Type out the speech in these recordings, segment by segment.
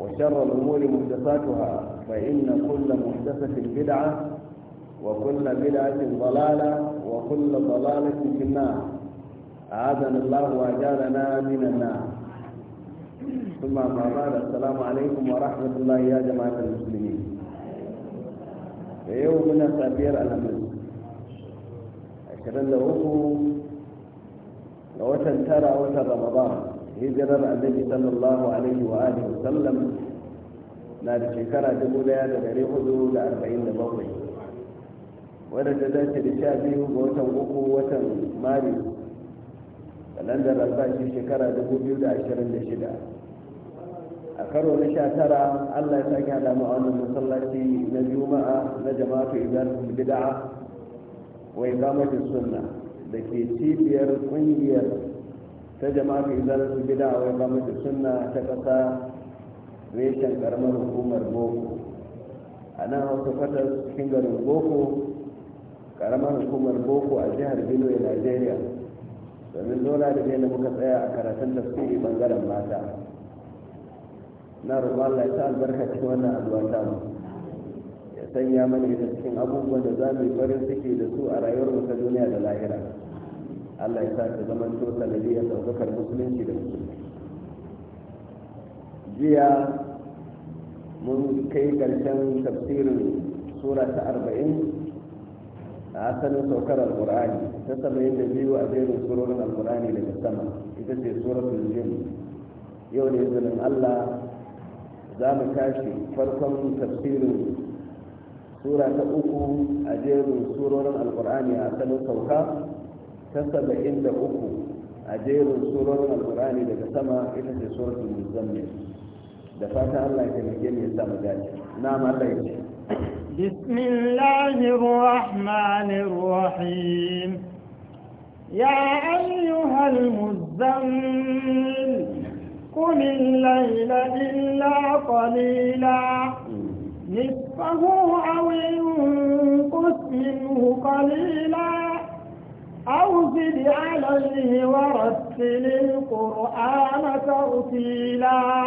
وشر الأمور محدثاتها فإن كل محدثة بدعة وكل بدعة ضلالة وكل ضلالة في النار أعاذنا الله وأجالنا من النار ثم ما بعد السلام عليكم ورحمة الله يا جماعة المسلمين يومنا الأمن أشهد أن لو لوتن ترى وتن رمضان hijirar annabi sallallahu alaihi wa alihi sallam na da shekara dubu daya da dari hudu da arba'in da bakwai wadda ta dace da sha biyu ga watan uku watan maris kalandar albashi shekara dubu biyu da ashirin da shida a karo na sha tara allah ya sake hada mu a wannan masallaci na juma'a na jama'atu idan bid'a wa iqamati sunna da ke cibiyar ƙungiyar. ta jama'a gida wai ba mace suna ta kasa reshen karamar hukumar boko a nan hausa fatar cikin garin boko karamar hukumar boko a jihar benue nigeria domin zona da da muka tsaya a karatun tafsiri bangaren mata na roƙon Allah ya sa albarka cikin wannan alwata mu ya sanya mana cikin abubuwan da za mu yi farin ciki da su a rayuwar mu ta duniya da lahira Allah ya sa ta zama to sanadiyar daukakar musulunci da musulmi jiya mun kai ƙarshen tafsirin sura ta arba'in a asalin saukar alkur'ani ta saba'in da biyu a jerin surorin alkur'ani daga sama ita ce suratul jin yau da izinin allah za mu tashi farkon tafsirin sura ta uku a jerin surorin alkur'ani a asalin sauka كسب عندكم اجير سوره القران اذا سما الى سوره المزمل دفعت الله كما كان يسمى ذلك نعم الله يجي بسم الله الرحمن الرحيم يا ايها المزمل قل الليل الا قليلا نصفه او ينقص منه قليلا أو زد عليه ورتل القرآن ترتيلا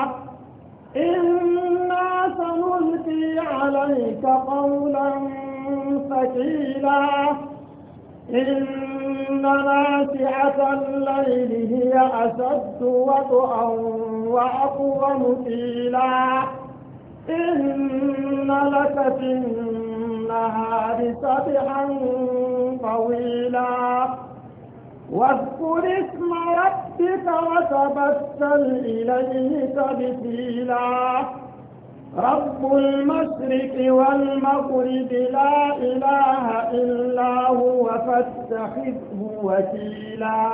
إنا سنلقي عليك قولا ثقيلا إن ناشئة الليل هي أشد وطئا وأقوم قيلا إن لك في النهار سبحا طويلا واذكر اسم ربك وتبتل إليه تبتيلا رب المشرق والمغرب لا إله إلا هو فاتخذه وكيلا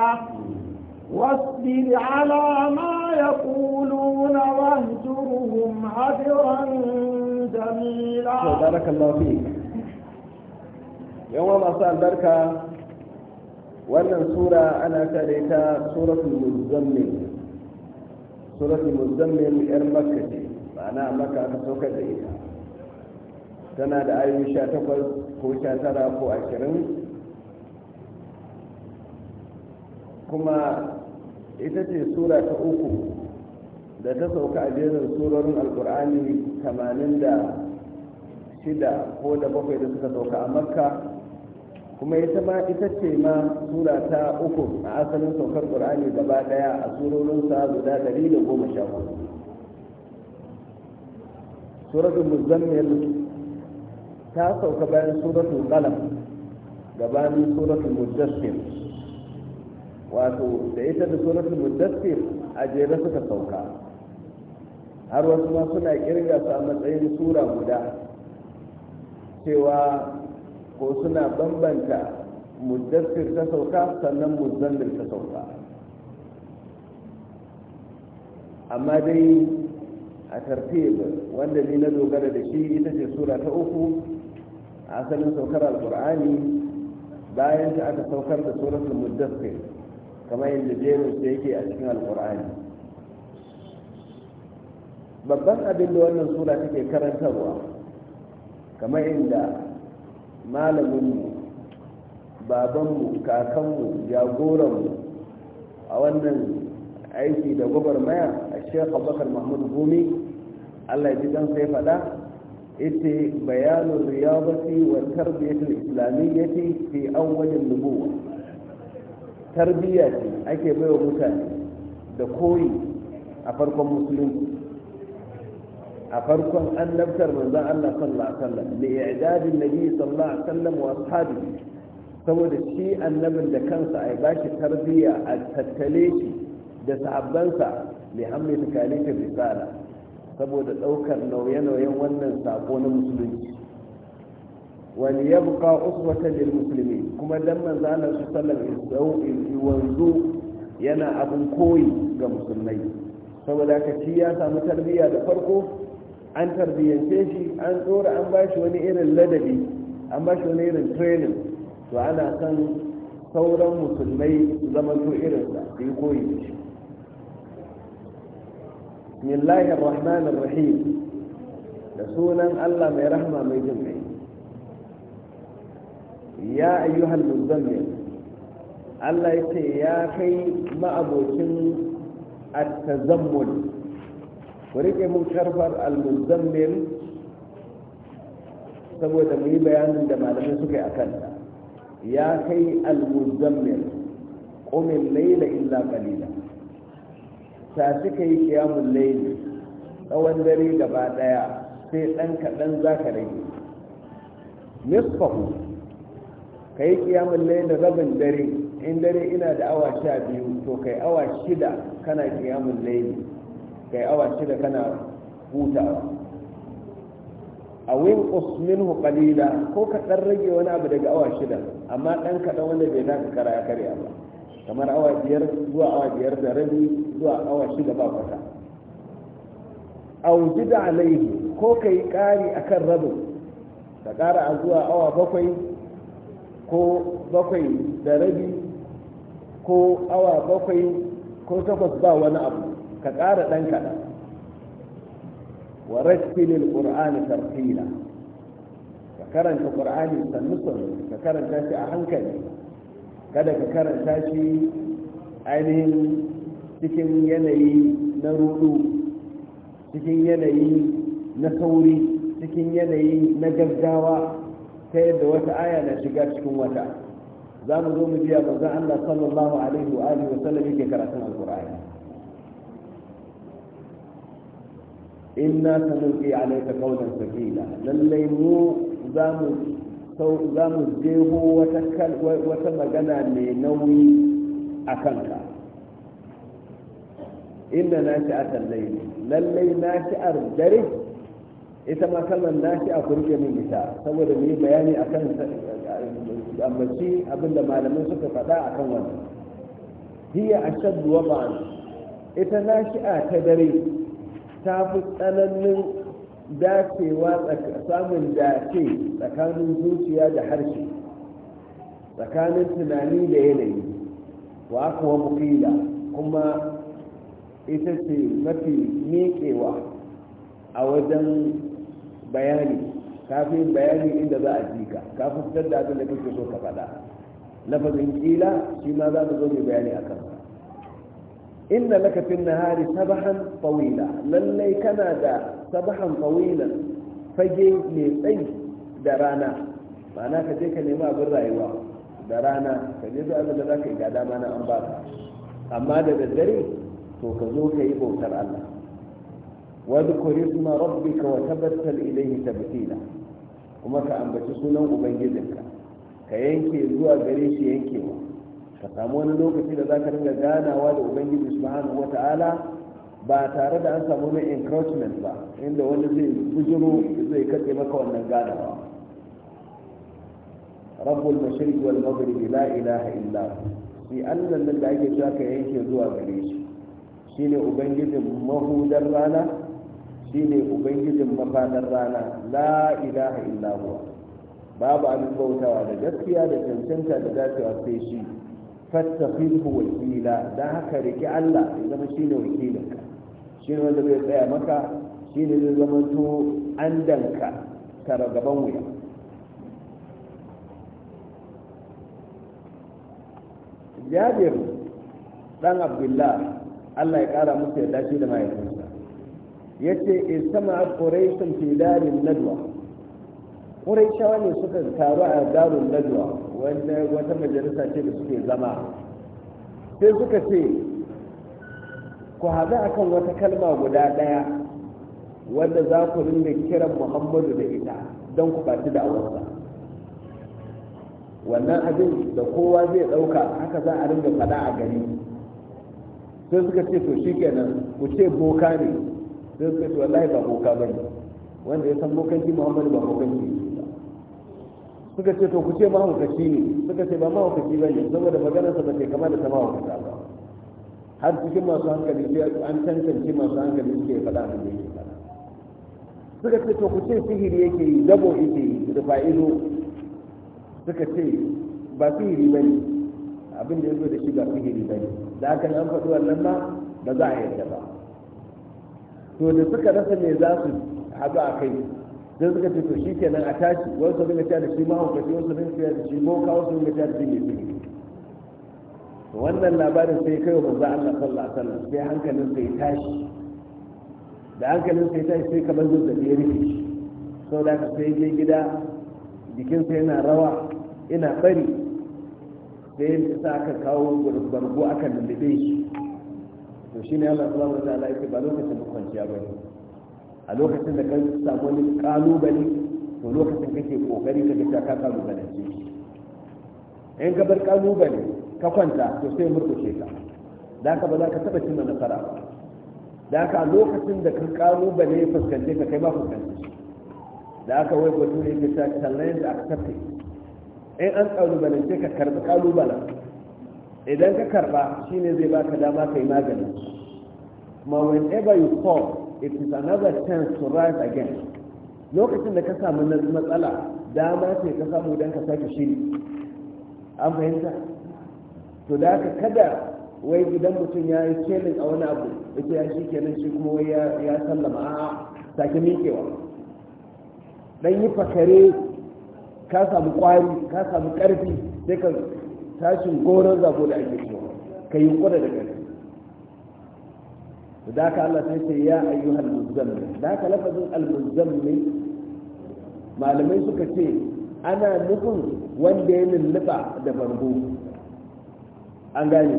واصبر على ما يقولون واهجر وأجرهم أجرا جميلا بارك الله فيك يوم أصل بركة wannan sura ana tare ta suratul muzammil suratul muzammil yar makka ce ma'ana makka aka saukar da ita tana da ayoyi sha takwas ko sha tara ko ashirin kuma ita ce sura ta uku da ta sauka a jerin surorin alkur'ani 86 ko da bakwai da suka sauka a makka kuma ita ma ita ce ma sura ta uku a asalin saukar qur'ani gaba daya a sa guda 114 suratul muzammil ta sauka bayan suratul qalam gabanin suratul mudassir wato da ita da suratul mudassir a jere suka sauka har wasu ma suna kirga su a matsayin sura guda cewa ko suna bambanta muddassir ta sauka sannan muzammil ta sauka amma dai a tartib wanda ni na dogara da shi ita ce sura ta uku a asalin saukar alkur'ani bayan ta aka saukar da suratul muddassir kamar yadda jerin yake a cikin alkur'ani babban abin da wannan sura take karantarwa kamar inda malaminmu babanmu kakanmu jagoranmu a wannan aiki da maya, a shekha bakar mahmud gumi allah ji dan sai faɗa ita bayanin riyabati wa tarbiyyatul islamiyyati fi awwalin nubuwa tarbiyya ce ake baiwa mutane da koyi a farkon musulunci a farkon annabtar manzon Allah sallallahu alaihi wasallam li i'dadin nabi sallallahu alaihi wasallam wa ashabihi saboda shi annabin da kansa ai bashi tarbiyya a tattale shi da sahabbansa li hamli takalifin risala saboda daukar nauye-nauyen wannan sako na musulunci wani ya buka uswatan lil musulmi kuma dan manzo Allah sallallahu alaihi wasallam yana abin koyi ga musulmai saboda haka ya samu tarbiyya da farko an tarbiyyance shi an tsora an ba shi wani irin ladabi an ba shi wani irin training to ana son sauran musulmai zama to irin su yi koyi da shi rahim da sunan Allah mai rahma mai jin kai ya ayyuhal muzammil Allah ya ce ya kai ma'abokin at-tazammul ku rike mun karfar al-muzammil saboda mu yi bayanin da malamai suka yi akan ya kai al-muzammil qumil layla illa qalila ta suka yi kiyamul layl tsawon dare gaba daya sai dan kadan zaka rage nisfahu kai kiyamul layl rabin dare in dare ina da awa 12 to kai awa 6 kana kiyamul layl kai awa shida kana hutawa a win minhu qalila ko ka dan rage wani abu daga awa shida amma dan kaɗan wanda bai taka kara ya karya ba kamar awa biyar zuwa awa biyar da rabi zuwa awa shida ba kwata au jida alaihi ko kai kari akan rabin ka kara a zuwa awa bakwai ko bakwai da rabi ko awa bakwai ko takwas ba wani abu ka ƙara ɗan kaɗan wa rattilil ƙur'ani tarfila ka karanta ƙur'ani sannu sannu ka karanta shi a hankali kada ka karanta shi ainihin cikin yanayi na rudu cikin yanayi na sauri cikin yanayi na gaggawa ta yadda wata aya na shiga cikin wata za mu zo mu biya manzon Allah sallallahu alaihi wa alihi wa sallam yake karatun alqur'ani إنا سنلقي عليك قولا ثقيلا لليمو زام سو زام الجيه وتكل وتمجنا لنوي أكنك إن ناشئة الليل للي ناشئة الدرج إذا ما كان ناشئة خرج من نساء صور لي بياني أكن أمشي أبدا ما لم يسك فتاة أكون هي أشد وضعا إذا ناشئة تدريج ta fi tsananin dacewa samun dace tsakanin zuciya da harshe tsakanin tunani da yanayi wa aka wa mukila kuma ita ce mafi miƙewa a wajen bayani kafin bayani inda za a jika kafin fitar da abin da kake so ka faɗa lafazin kila shi ma za mu zo mai bayani a kansa inna laka fin nahari sabahan tawila lallai kana da sabahan tawila fage mai tsayi da rana ma'ana ka je ka nemi abin rayuwa da rana ka je zuwa da za ka yi ga dama na an baka amma da daddare to ka zo ka yi bautar Allah wadhkur isma ka wa tabattal ilayhi tabtila kuma ka ambaci sunan ubangijinka ka yanke zuwa gare shi yankewa ka samu wani lokaci da za ka ringa ganawa da ubangiji subhanahu ta'ala ba tare da an samu wani encroachment ba inda wani zai bujiro zai katse maka wannan ganawa rabbul mashriq wal maghrib la ilaha illa hu shi Allah nan da ake cewa ka yanke zuwa gare shi shine ubangijin mahudar rana shine ubangijin mafadar rana la ilaha illa hu babu abin bautawa da gaskiya da cancanta da dacewa sai shi fattakhidhu wakila dan haka riki Allah ya zama shine wakilinka shine wanda zai tsaya maka shine zai zama to andanka tara gaban wuya Jabir dan Abdullah Allah ya kara musu yarda shi da mahaifinsa yace istama'a quraishun fi darin nadwa quraishawa ne suka taru a darun nadwa wata majalisa ce da suke zama sai suka ce ku haɗu akan wata kalma guda ɗaya wanda za ku rinda kiran muhammadu da ita don ku ɓaci da awarsa wannan abin da kowa zai ɗauka haka za a rinda faɗa a gari sai suka ce to shi kenan ku ce boka ne sai suka ce wallahi ba boka ba ne wanda ya san bokanci muhammadu ba bokanci suka ce to ku ce mahaukaci ne suka ce ba mahaukaci ba ne saboda maganarsa ba ke kama da ta mahaukaci ba har cikin masu hankali sai an tantance masu hankali suke faɗa abin da yake faɗa suka ce to ku ce sihiri yake yi dabo yake yi da fa'ido suka ce ba sihiri ba ne abin da ya zo da shi ba sihiri ba ne da yi an faɗi wannan ba ba za a yarda ba to da suka rasa me za su haɗu a kai don suka ce to shi kenan a tashi wani su dinga da shi mahaukaci wasu dinga cewa da shi moka wasu dinga cewa da shi mai sihiri wannan labarin sai kai wa manzo Allah sallallahu alaihi wasallam sai hankalin sai tashi da hankalin sai tashi sai kamar zazzabi ya rufe shi da ka sai je gida jikinsa yana rawa ina bari sai sa aka kawo bargo aka lullube shi to ne Allah subhanahu wa ta'ala yake ba lokacin kwanciya ne. a lokacin da kan samu wani kalubale to lokacin kake kokari ka ga ka kalubalance in ka bar kalubale ka kwanta to sai murkushe ka da ka ba za ka taba cimma nasara ba da ka lokacin da ka kalubale fuskance ka kai ma fuskance da aka wai gwado ne da aka tafi in an kalubalance ka karba. kalubale idan ka karba shine zai baka dama kai magani ma whenever you fall it is another chance to rise again lokacin da ka samu matsala dama ce ka samu don ka sake shiri an fahimta to da ka kada wai idan mutum ya yi kelin a wani abu ita ya shi kenan shi kuma wai ya sallama a sake miƙewa dan yi fakare ka samu kwari ka samu ƙarfi sai ka tashin goron zabo da ake cewa ka yi kwada da ƙarfi da haka Allah sai ce ya ayyuhal muzammil da haka lafazin al muzammil malamai suka ce ana nufin wanda ya lulluba da bargo an gane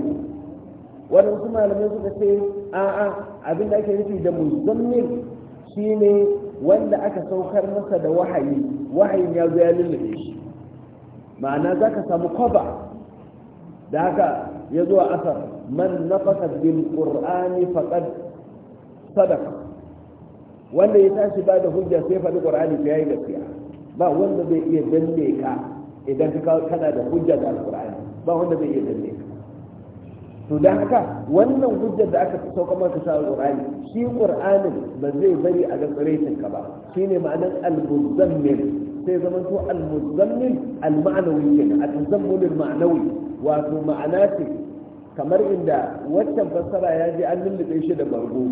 waɗansu malamai suka ce a'a abin da ake nufi da muzammil shine wanda aka saukar masa da wahayi wahayin ya zo ya lullube shi ma'ana za ka samu kwaba da haka ya zo a asar man nafasa bil qur'ani faqad sadaka wanda ya tashi ba da hujja sai faɗi qur'ani ya yayi gaskiya ba wanda zai iya danne ka idan ka kana da hujja da alqur'ani ba wanda zai iya danne ka to dan haka wannan hujjar da aka sauka maka sa alqur'ani shi qur'anin ba zai bari a ga ka ba shine ma'anar al-muzammil sai zama to al-muzammil al-ma'nawi ne al-muzammil al-ma'nawi wato ma'ana ce kamar inda waccan fassara ya je an lullube shi da bargo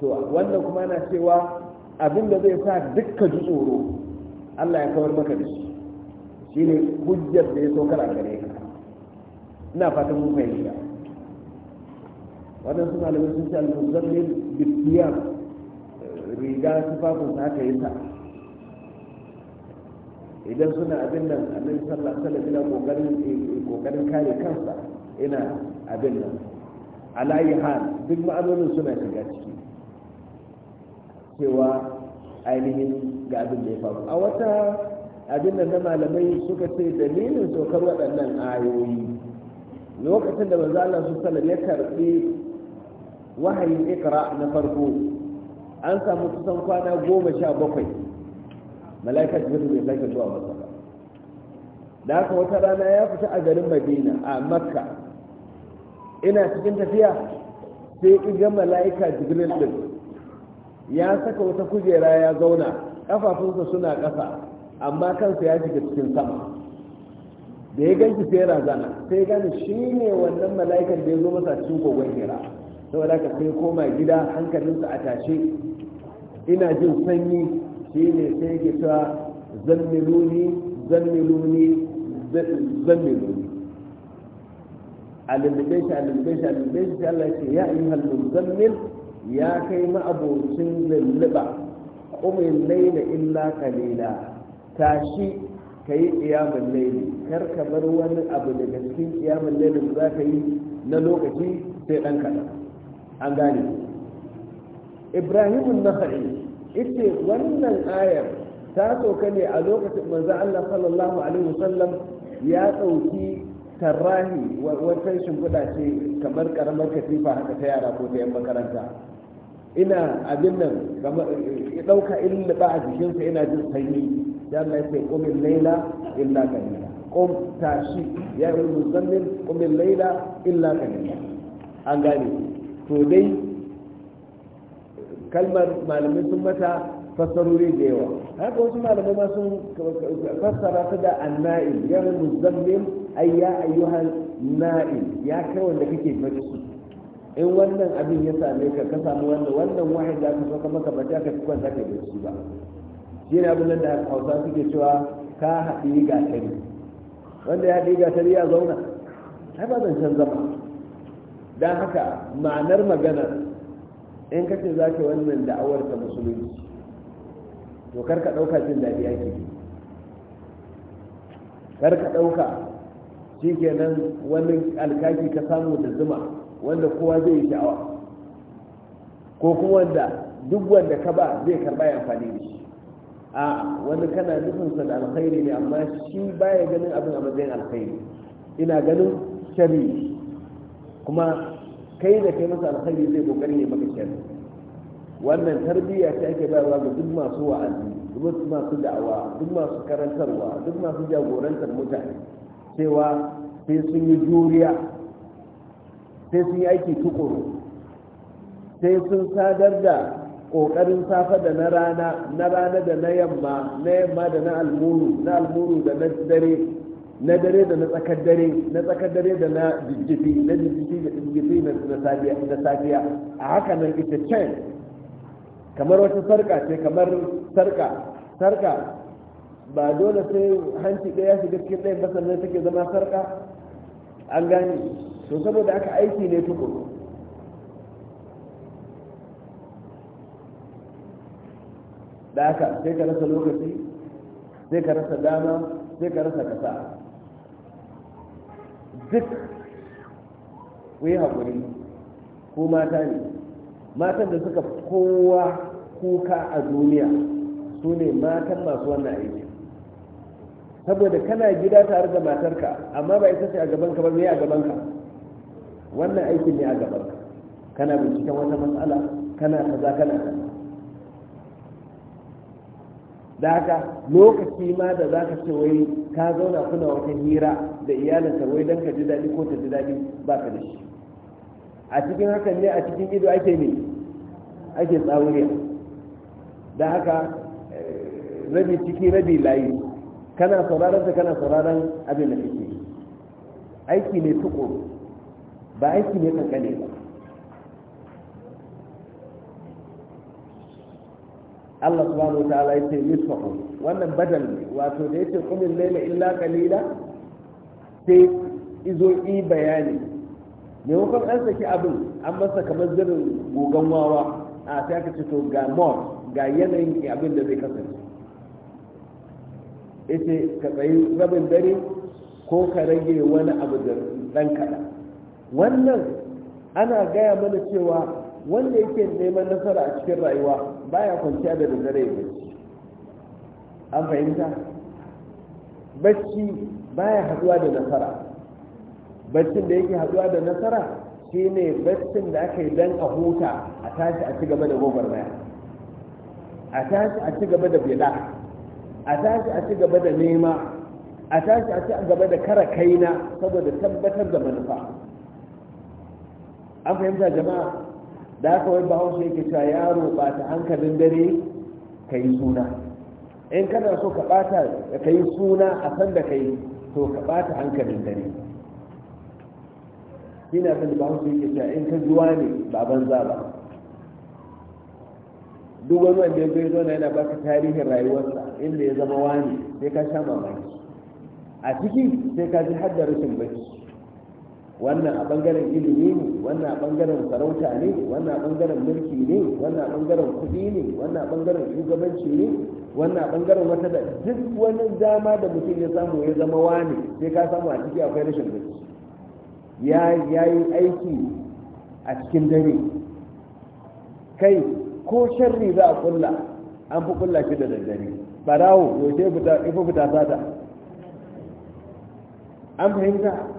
to wannan kuma yana cewa abinda zai sa dukkan tsoro Allah ya kawar maka da shi shine hujjar da ya so kana gare ka ina fatan mun fahimta wannan suna da sun ce al-muzammil riga tufafin sa haka ta. idan suna abin nan annabi sallallahu alaihi wasallam yana kokarin eh, kare kansa ina abin nan alayhi hal duk ma'anonin suna shiga ciki cewa ainihin ga abin da ya faru a wata abin da na malamai suka ce dalilin saukar waɗannan ayoyi lokacin da manzo Allah sallallahu ya karbi wahayin ikra na farko an samu kusan kwana goma sha bakwai mala'ikar jibril bai sake zuwa masa da haka wata rana ya fita a garin madina a makka ina cikin tafiya sai ga mala'ika jibril din ya saka wata kujera ya zauna kafafunsa suna ƙasa amma kansa ya shiga cikin sama da ya ganki sai razana sai gane shi ne wannan mala'ikan da ya zo masa cikin kogon hira saboda ka sai koma gida hankalinsa a tashe ina jin sanyi shi ne sai ya cewa zammiluni zammiluni zammiluni a lullube shi a lullube shi a lullube shi Allah ya ce ya ayyuhal muzammil ya kai ma'abocin lulluba ƙumin laila illa kalila tashi ka yi ƙiyamun laili kar ka bar wani abu daga cikin ƙiyamun lailin za ka yi na lokaci sai ɗan kaɗan an gane ibrahimun nasari ita wannan ayar ta sauka ne a lokacin manzo Allah sallallahu alaihi wasallam ya ɗauki tarrahi wata shimfiɗa ce kamar ƙaramar katifa haka ta yara ko ta yan makaranta ina abin nan ya eh, ɗauka in liɓa a jikinsa ina jin sanyi da Allah ya ce ƙumin laila illa kalila ƙum tashi ya yi musamman ƙumin laila illa kalila an gane to dai kalmar malamai sun mata fassarori da yawa haka wasu malamai ma sun fassara ta da anna'il ya yi musamman ai ya ayyuhan na'il ya kai wanda kake bacci in wannan abin ya same ka ka samu wannan wannan wahayi da aka so ka maka ba ka ka kwanta ka da shi ba shi ne abin da hausa suke cewa ka haɗi gatari wanda ya haɗi gatari ya zauna sai ba zan zancen zama don haka ma'anar magana in ka ce za ka wannan da'awar ta musulunci to kar ka ɗauka jin daɗi ake kar ka ɗauka shi kenan wani alkaki ka samu da zuma wanda kowa zai yi sha'awa ko kuma wanda duk wanda ka ba zai karba ya amfani da shi a wani kana nufinsa da alkhairi ne amma shi baya ganin abin a matsayin alkhairi ina ganin shari kuma kai da kai masa alkhairi zai kokari ne maka shari wannan tarbiyya ce ake bayarwa ga duk masu wa'azi duk masu da'awa duk masu karantarwa duk masu jagorantar mutane cewa sai sun yi juriya sai sun yi aiki tukuru sai sun sadar da ƙoƙarin safa da na rana na rana da na yamma na yamma da na almuru na almuru da na dare na dare da na tsakar dare na tsakar dare da na jijjifi na jijjifi da jijjifi na safiya a haka nan ita can kamar wata sarka ce kamar sarka sarka ba dole sai hanci ɗaya shiga cikin ɗayan ba sannan take zama sarka an gane so saboda aka aiki ne tukuru da aka sai ka rasa lokaci sai ka rasa dama sai ka rasa kasa duk ku yi haƙuri ko mata ne matan da suka kowa kuka a duniya su ne matan masu wannan aiki saboda kana gida tare da matarka amma ba isa ce a gabanka ba me a gabanka wannan aikin ne a gaban ka kana binciken wata matsala kana kaza kana kaza da haka lokaci ma da za ka ce wai ka zauna kuna wata hira da iyalinka wai don ka ji daɗi ko ta ji daɗi ba ka da shi a cikin hakan ne a cikin ido ake ne ake tsawuriya da haka eh, rabi ciki rabi layi kana sauraron ta kana sauraron abin da kake aiki ne tukuru ba aiki ne kankane ba Allah subhanahu wa ta'ala yace nisfahu wannan badal wato da yace qumil layla illa qalila sai izo yi bayani ne kun an saki abin an masa kamar zirin gogan wawa a sai aka ce to ga mod ga yanayin abin da zai kasance yace ka tsayi rabin dare ko ka rage wani abu da ɗan kaɗan wannan ana gaya mana cewa wanda yake neman nasara a cikin rayuwa baya kwanciya da dare ya bacci an fahimta bacci baya haduwa da nasara baccin da yake haduwa da nasara shine baccin da aka yi dan a huta a tashi a ci gaba da gwagwarmaya a tashi a ci gaba da bela a tashi a ci gaba da nema a tashi a ci gaba da kara kaina saboda tabbatar da manufa an fahimta jama'a da haka wai bahaushe yake cewa yaro ba ta hankalin dare ka yi suna in kana so ka bata ka yi suna a san da ka yi to ka bata hankalin dare shi na san da bahaushe yake cewa in ka zuwa ne ba banza ba duk wani wanda ya zai na yana baka tarihin rayuwarsa inda ya zama wani sai ka sha mamaki a ciki sai ka ji har da rashin bacci wannan a bangaren ilimi ne wannan a bangaren sarauta ne wannan a bangaren mulki ne wannan a bangaren kuɗi ne wannan a bangaren shugabanci ne wannan a bangaren wata da duk wani dama da mutum ya samu ya zama wani sai ka samu a ciki akwai rashin gaci ya yi aiki a cikin dare kai ko sharri za a kulla an fi kulla shi da daddare barawo yaushe ifa fita sata an fahimta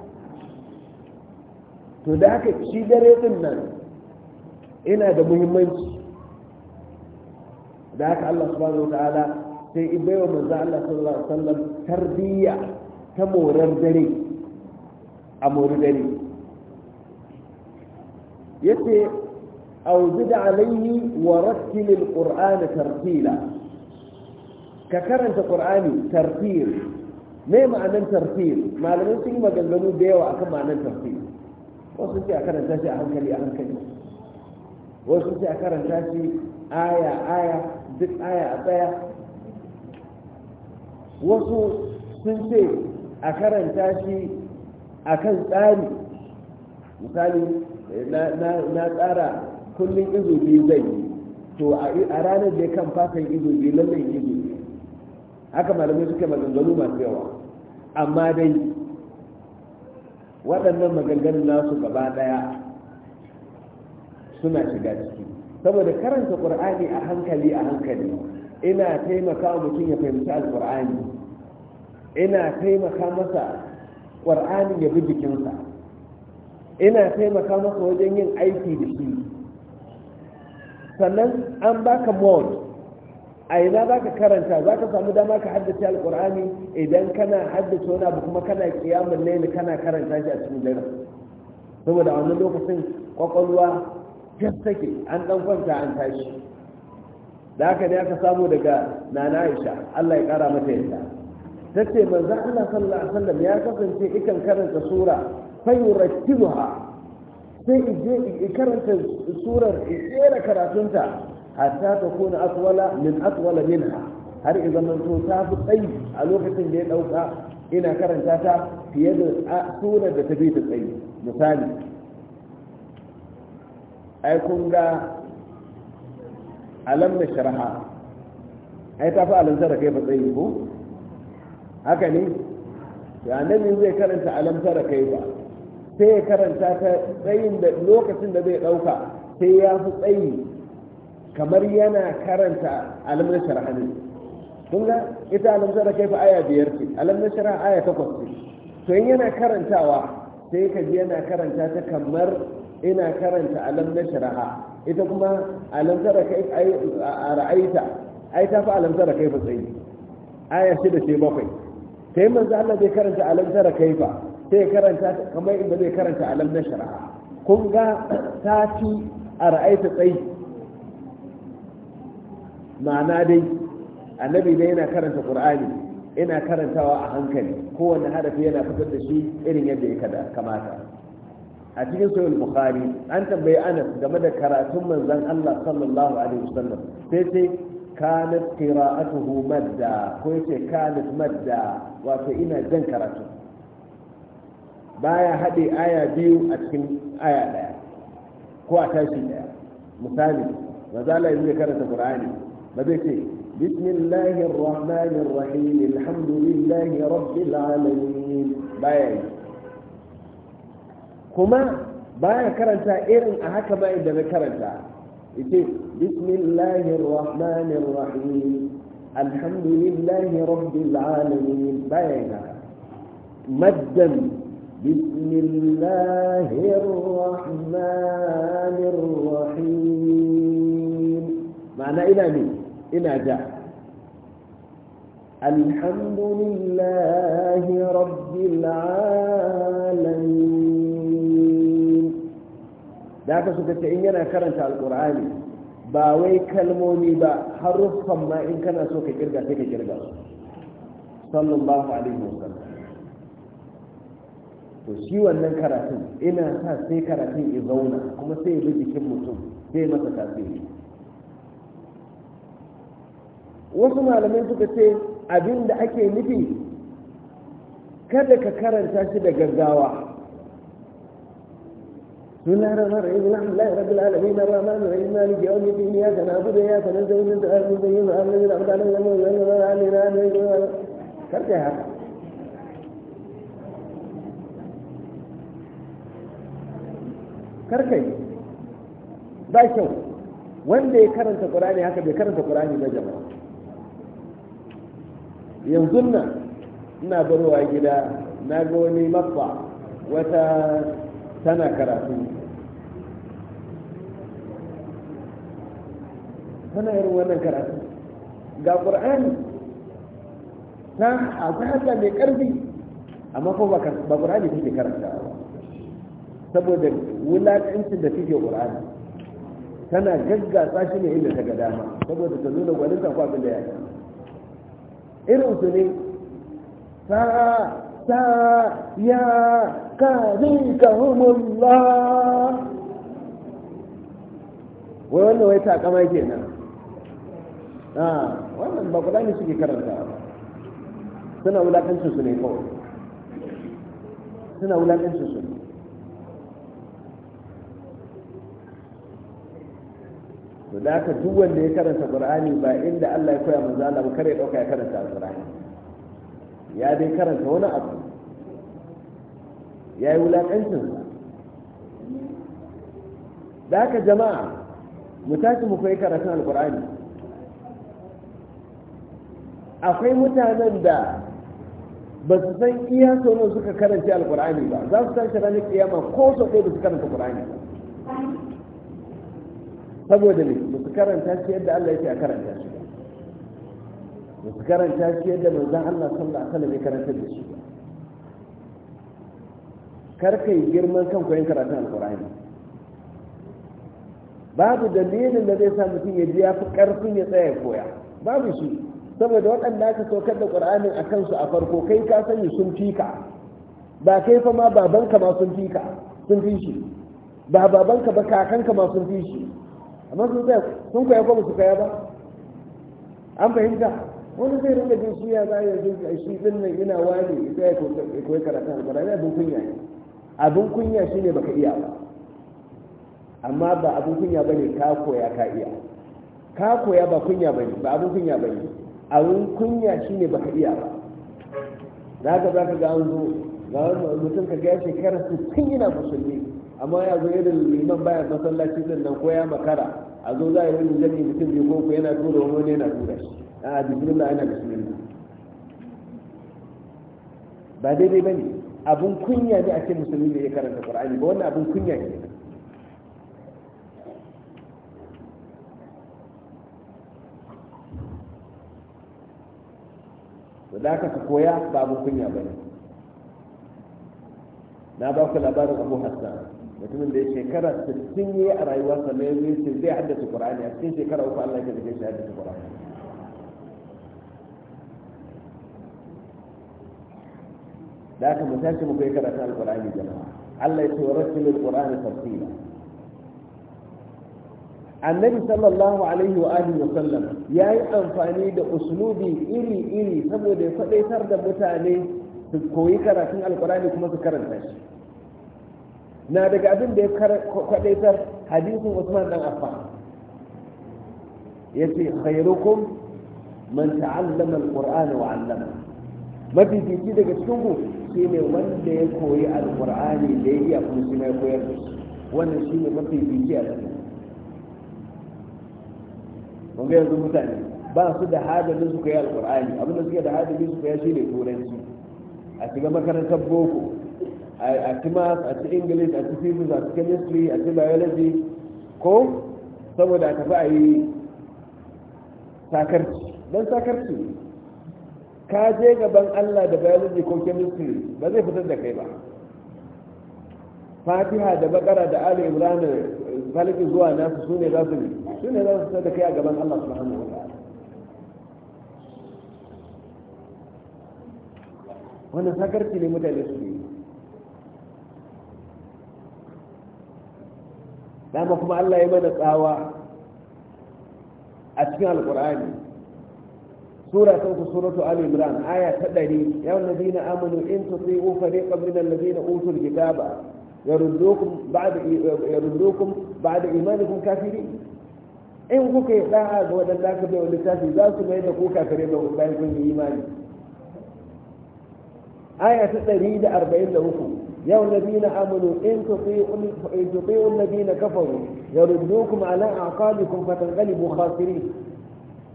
to da aka shi dare din nan yana da muhimmanci da aka Allah subhanahu wa ta'ala sai in baiwa manzo Allah sallallahu alaihi wasallam tarbiyya ta morar dare a mori dare yace أو زد عليه ورتل القرآن ترتيلا ككرنت قرآني ترتيل ما معنى ترتيل ما لم يسمى قلبه ديوة كما معنى ترتيل wasu ce a karanta shi a hankali a hankali wasu ce a karanta shi aya aya duk aya a tsaya wasu sun ce a karanta shi a kan tsari misali na tsara kullum izo biyu zai yi to a ranar da ya kan fatan izo biyu lallai izo biyu haka malamai suke maganganu masu yawa amma dai waɗannan maganganun nasu gaba ɗaya suna shiga ciki saboda karanta ƙur'ani a hankali a hankali ina taimaka wa mutum ya fahimci alƙur'ani ina taimaka masa ƙur'ani ya bi jikinsa ina taimaka masa wajen yin aiki da shi sannan an baka mode a ina za ka karanta za ka samu dama ka haddace alkur'ani idan kana haddace wani abu kuma kana kiyamun laili kana karanta shi a cikin dare saboda wannan lokacin kwakwalwa jas take an dan kwanta an tashi da haka ne aka samu daga nana aisha allah ya kara mata yadda ta ce manzo allah sallallahu alaihi wasallam ya kasance ikan karanta sura fayurattibuha sai ije karanta surar ijera karatunta hatta ta kuna aswala min aswala minha har idan man so ta fi tsayi a lokacin da ya dauka ina karanta ta fiye da surar da ta bi ta tsayi misali ai kun ga alam na sharha ai ta fi alamtar kai ba tsayi ko haka ne to annabi zai karanta alamtar kai ba sai ya karanta ta tsayin da lokacin da zai dauka sai ya fi tsayi kamar yana karanta alam na sharhani kun ga ita alam zara kai fa aya biyar ce alam na sharha aya takwas ce to in yana karantawa sai ka ji yana karanta ta kamar ina karanta alam shara sharha ita kuma alam zara kai a ra'aita ai ta fa alam zara kai fa tsayi aya da ce bakwai sai manzo Allah bai karanta alam zara kai fa sai karanta kamar inda zai karanta alam na sharha kun ga ta fi a ra'aita tsayi ma'ana dai annabi dai yana karanta qur'ani ina karantawa a hankali kowanne harafi yana fitar da shi irin yadda ya kamata a cikin sahih bukhari an tambayi anas game da karatun manzon Allah sallallahu alaihi wasallam sai sai kanat qira'atuhu madda ko yace kanat madda wato ina jan karatu baya hade aya biyu a cikin aya daya ko a tashi daya misali manzo Allah ya karanta qur'ani بديتي بسم الله الرحمن الرحيم الحمد لله رب العالمين باي كما باي كرنتا إيرن أهكا باي دبي كرنتا بسم الله الرحمن الرحيم الحمد لله رب العالمين باي مدا بسم الله الرحمن الرحيم معنى إلى مين ina ja alhamdulillahi rabbil alamin da aka suka ce in yana karanta alkur'ani ba wai kalmomi ba haruffan ma in kana so ka kirga sai ka kirga sallallahu alaihi wasallam to shi wannan karatun ina sa sai karatun ya zauna kuma sai ya bi jikin mutum sai masa tasiri wasu malamai suka ce abin da ake nufi kada ka karanta shi da gaggawa sunan rana rai na na rai na ya sana abu da ya sana zai da haka karkai ba kyau wanda ya karanta kurani haka bai karanta ƙur'ani ba jama'a yanzu nan ina barowa gida na ga wani matsa wata tana karatu tana irin wannan karatu ga ƙur'ani ta azata mai ƙarfi amma ko ba ƙur'ani take karanta ba saboda wulaƙancin da take ƙur'ani tana gaggasa shi ne inda ta ga dama saboda ta nuna gwanin ko abin da ya yi irin su ne sa sa ya ka zika humullah wai wannan wai takama nan a ah, wannan ba kula ne suke karanta ba suna wulakancin su ne kawai suna wulakancin su ne to da haka duk wanda ya karanta qur'ani ba inda Allah ya koya manzo Allah ba kare dauka ya karanta qur'ani ya dai karanta wani abu ya yi wulakancin da haka jama'a mu tashi mu koyi karatun alqur'ani akwai mutanen da ba su san iya sono suka karanta alqur'ani ba za su tashi ranar kiyama ko sau ɗaya ba su karanta qur'ani ba saboda ne ba su karanta shi yadda Allah yake a karanta shi ba su karanta shi yadda manzon Allah sallallahu alaihi wasallam ya karanta da shi kar kai girman kan koyon karatun alqur'ani babu dalilin da zai sa mutum ya ji ya fi karfin ya tsaya koya babu shi saboda waɗanda aka saukar da ƙur'anin a kansu a farko kai ka sani sun fi ka ba kai fa ma babanka ma sun fi ka sun fi shi ba babanka ba kakanka ma sun fi shi amma sun zai sun koya ko su kaya ba an fahimta wani zai rinda jin suya za ya jin shi din nan yana wani ita ya koyi karatun alkurani abin kunya ne abin kunya shine baka iya ba amma ba abin kunya bane ka koya ka iya ka koya ba kunya bane ba abin kunya bane abin kunya shine baka iya ba za ka za ka ga an zo ga mutum ka ga shekara 60 yana musulmi amma ya zo irin liman baya masallaci din nan ko ya makara a zo za a yi jami'i mutum biyu ko yana tura wani yana tura shi a bismillah yana bismillah ba daidai bane abun kunya ne a ce musulmi da ya karanta qur'ani ba wannan abin kunya ne da aka ka koya ba abin kunya ba ne na ba ku labarin abu hassan mutumin da ya shekara 60 ya a rayuwa sannan ya zai ce zai haddasa qur'ani a cikin shekara uku Allah ya zai shi haddace qur'ani da aka mu mu kai karatu alƙur'ani jama'a Allah ya ce wa rasulul alƙur'ani tafsila annabi sallallahu alaihi wa alihi wa sallam yayi amfani da uslubi iri iri saboda ya faɗaitar da mutane su koyi karatun alƙur'ani kuma su karanta shi na daga abin da ya kwadaitar hadisin usman dan affan yace khairukum man ta'allama alqur'ana wa 'allama mafi fifi daga cikin ku shine wanda ya koyi alqur'ani da ya iya kuma shi mai koyar da shi wannan shine mafi fifi a cikin kun ga yanzu mutane ba su da hadalin su koyi alqur'ani abin da suke da hadalin su shi ne turanci a shiga makarantar boko a ci math a ci english a ci physics a ci chemistry a ci biology ko saboda a tafi a yi sakarci don sakarci ka je gaban allah da biology ko chemistry ba zai fitar da kai ba fatiha da bakara da ali ibrahim eh, falaki zuwa nasu su ne za su su ne za su fitar da kai a gaban allah su hannu wannan sakarci ne mutane su yi dama kuma Allah ya mana tsawa a cikin alkur'ani sura ta uku suratu ali imran aya ta ɗari ya allazina amanu in tuti'u fariqan min allazina utul kitaba yaruddukum ba'da yaruddukum ba'da imanikum kafirin in kuka yi ɗa'a ga waɗanda aka bai wa littafi za su mai da ku kafire da bayan kun yi imani aya ta ɗari da arba'in da uku يا الذين آمنوا إن تطيعوا الذين كفروا يردوكم على أعقابكم فتنقلبوا خاسرين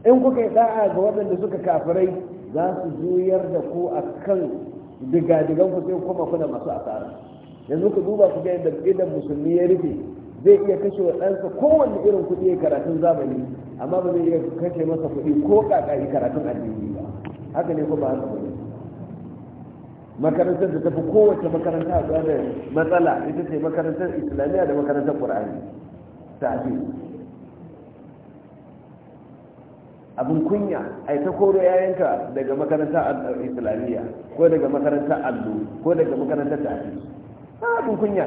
in kuka yi da'a ga waɗanda suka kafirai za su juyar da ku akan digadigan ku sai kuma kuna masu asara yanzu ku duba ku ga yadda idan musulmi ya rufe zai iya kashe wa ɗansa kowanne irin kuɗi ya karatun zamani amma ba zai iya kashe masa kuɗi ko ƙaƙa karatun addini ba haka ne kuma haka makarantar da tafi kowace makaranta a tsarin matsala ita ce makarantar islamiyya da makarantar ƙur'ani tafi abin kunya a ta koro yayinka daga makaranta islamiyya ko daga makaranta allo ko daga makarantar tafi abin kunya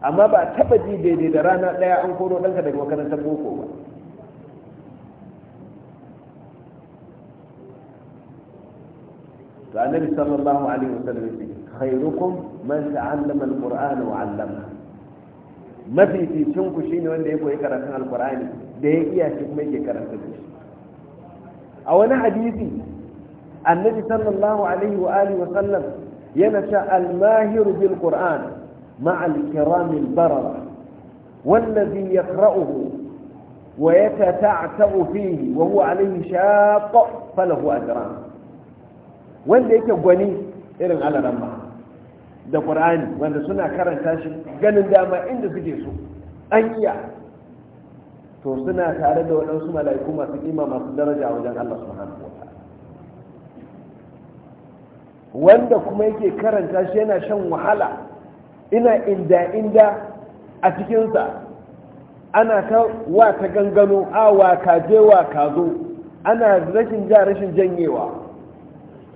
amma ba taba ji daidai da rana ɗaya an koro ɗanka daga makarantar boko ba فالنبي صلى الله عليه وسلم يقول خيركم من تعلم القران وعلمه ما في في شنكو شيني وين يبغى يقرا القران ده يا شيخ ما يقرا او انا حديثي النبي صلى الله عليه واله وسلم ينشا الماهر بالقران مع الكرام البرره والذي يقراه ويتتعتع فيه وهو عليه شاق فله اجران wanda yake gwani irin alaramma da ƙur'ani wanda suna karanta shi ganin dama inda suke so an iya to suna tare da waɗansu mala'iku masu kima masu daraja wajen Allah subhanahu wa wanda kuma yake karanta shi yana shan wahala ina inda inda a cikinsa ana ta wa ta gangano awa kaje wa ka ana rashin ja rashin janyewa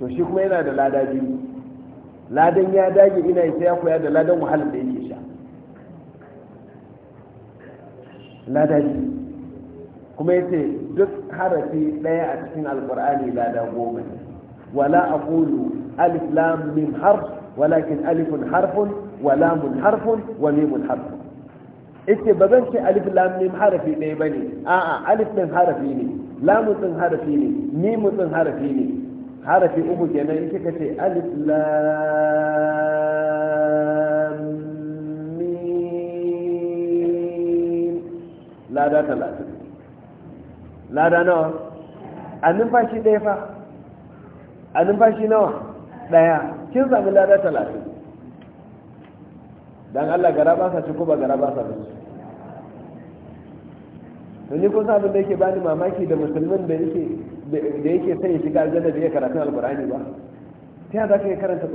to shi kuma yana da lada biyu ladan ya dage ina sai ya koya da ladan wahalar da yake sha lada biyu kuma ya ce duk harafi ɗaya a cikin alkur'ani lada goma ne wala a kulu! alif lam mim harf walakin alifun harfun wala mun harfun wa mimun harfun ita ba zan ce alif lam mim harafi ɗaya ba ne a'a alif ɗin harafi ne lamun ɗin harafi ne mimun ɗin harafi ne harafi uku kenan ita kace alif lam mim lada talatin lada nawa a numfashi ɗaya fa a numfashi nawa ɗaya kin sami lada talatin Dan allah gara ba sa ci ko ba gara ba sa ci to ni kun sa abin da yake bani mamaki da musulmin da yake da yake son ya shiga aljanna da ya karatun alkur'ani ba ta za ka yi karanta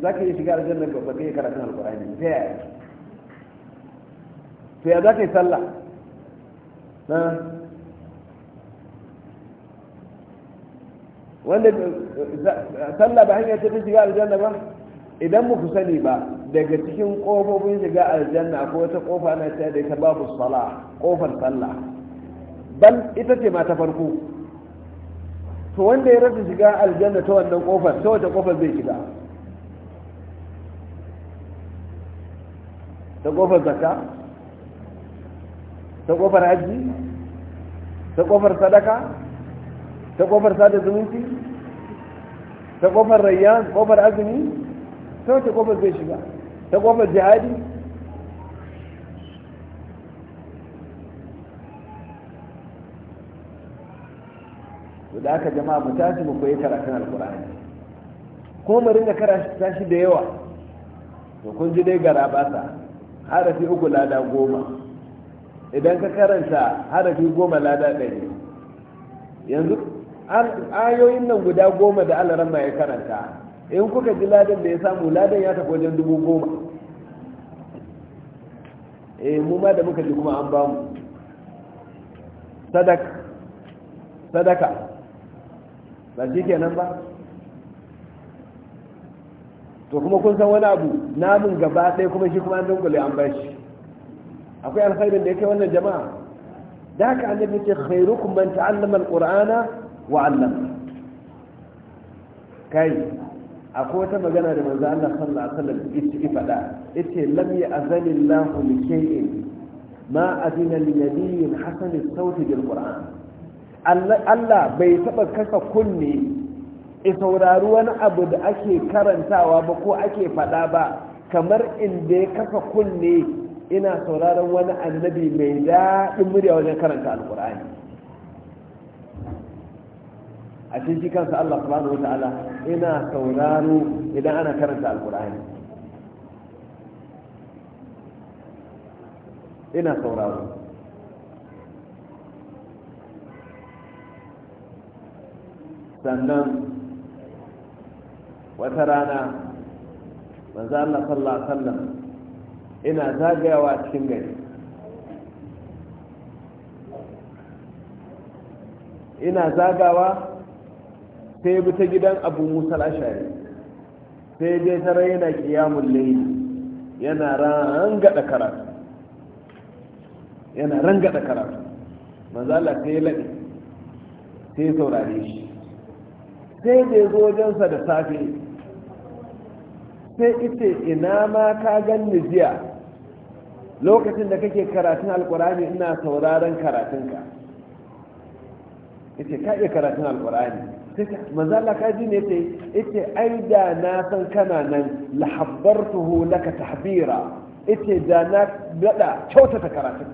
za ka yi shiga aljanna ba ka yi karatun alkur'ani ta yaya to za ka yi sallah na wanda sallah ba hanyar ta shiga aljanna ba idan muku sani ba daga cikin kofofin shiga aljanna ko wata kofa na ta da ta babu sala kofar sallah bal ita ce ma ta farko to wanda ya rasa shiga aljanna ta wannan kofar ta wata kofar zai shiga ta kofar zaka ta kofar hajji ta kofar sadaka ta kofar sada zumunci ta kofar rayyan kofar azumi ta wata kofar zai shiga ta kofar jihadi to da aka jama'a mu tashi mu koyi karatun alkur'ani ko mu ringa karanta shi da yawa to kun ji dai gara basa harafi uku lada goma idan ka karanta harafi goma lada ɗari yanzu ayoyin nan guda goma da alarama ya karanta in kuka ji ladan da ya samu ladan ya tafi wajen dubu goma eh mu ma da muka ji kuma an bamu sadaka sadaka ba shi nan ba to kuma kun san wani abu namun gaba ɗaya kuma shi kuma an dungule an bai shi akwai alkhairin da ya kai wannan jama'a da haka annabi ce khairukum man ta'allama alqur'ana wa 'allama kai akwai wata magana da manzo Allah sallallahu alaihi wasallam yake fada yace lam ya'zani Allahu li shay'in ma adina li nabiyyin hasan as-sawti bil qur'an Allah bai taɓa kasa kunne in saurari wani abu da ake karantawa ba ko ake faɗa ba kamar inda ya kasa kunne ina sauraron wani annabi mai daɗin murya wajen karanta alkur'ani a cikin shi kansa Allah subhanahu wa ta'ala ina sauraro idan ana karanta alkur'ani ina sauraro sannan wata rana manzo Allah sallallahu alaihi wasallam ina zagayawa cikin gari ina zagawa sai bi ta gidan abu musa ashari sai dai tare yana qiyamul layl yana rangada karatu yana rangada karatu manzo Allah sai ya laɗe sai saurare shi sai da ya zo wajensa da safe sai ita ina ma ka gan ni jiya lokacin da kake karatun alkurani ina sauraron karatunka ita ka iya karatun alkurani manzala ka ji ne ce ita ai da na san kana nan lahabbartuhu laka tahbira ita da na dada kyautata karatun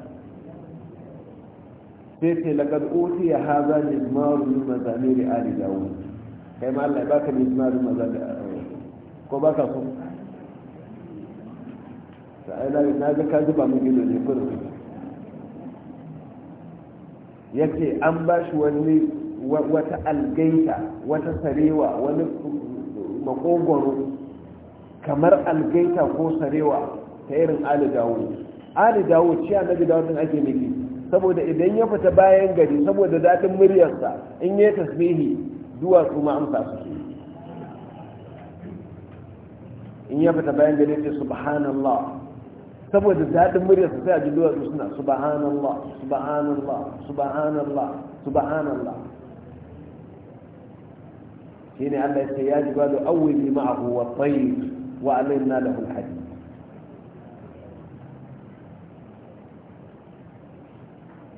sai ce laƙar ya haza ne maru mazamiri ali dawud kai ma Allah ba ka mizmarin maza da ko ba ka so sa'ai na ga ka ba min ido ne kurin ya ce an ba shi wani wata algaita wata sarewa wani makogwaro kamar algaita ko sarewa ta irin ali dawo ali dawo ce annabi dawo din ake miki saboda idan ya fita bayan gari saboda daɗin muryarsa in yi tasbihi duwatsu ma amsa suke in ya fita bayan gare ce subhanallah saboda daɗin muryarsa sai a ji duwatsu suna subhanallah subhanallah subhanallah subhanallah shi ne allah ya ce ya ji bado awuli ma'ahu wa tsayi wa alaina lahu alhadi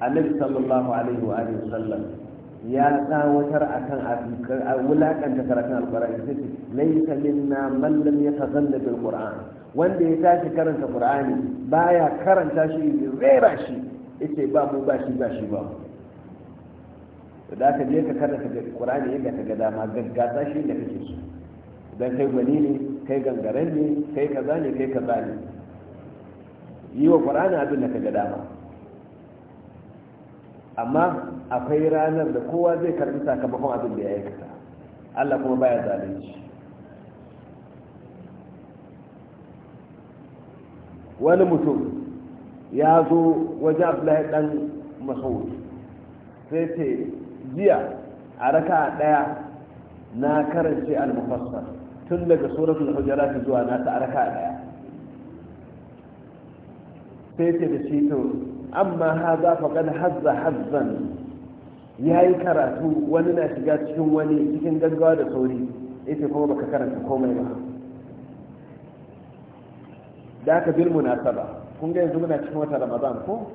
annabi sallallahu alaihi wa alihi sallam ya tsawatar akan wulaƙanta karatun alkur'ani sai ce laisa minna man lam yatazalla bil qur'an wanda ya tashi karanta qur'ani baya karanta shi rera shi yace ba mu ba shi ba shi ba to da ka je ka karanta qur'ani yadda ka ga dama gaggata shi da kake so dan kai gwani ne kai gangaren ne kai kaza ne kai kaza ne yi wa qur'ani abin da ka ga dama amma akwai ranar da kowa zai karbi sakamakon abin da ya aikata Allah kuma baya zalunci wani mutum ya zo wajen abdullahi dan masaud sai ce jiya a raka daya na karance al-mufassar tun daga suratul ta zuwa na ta raka daya sai ce da shi to amma haza faqad hazza hazzan ya yi karatu wani na shiga cikin wani cikin gaggawa da sauri ita kuma baka karanta komai ba da aka bil munasaba kun ga yanzu muna cikin wata ramadan ko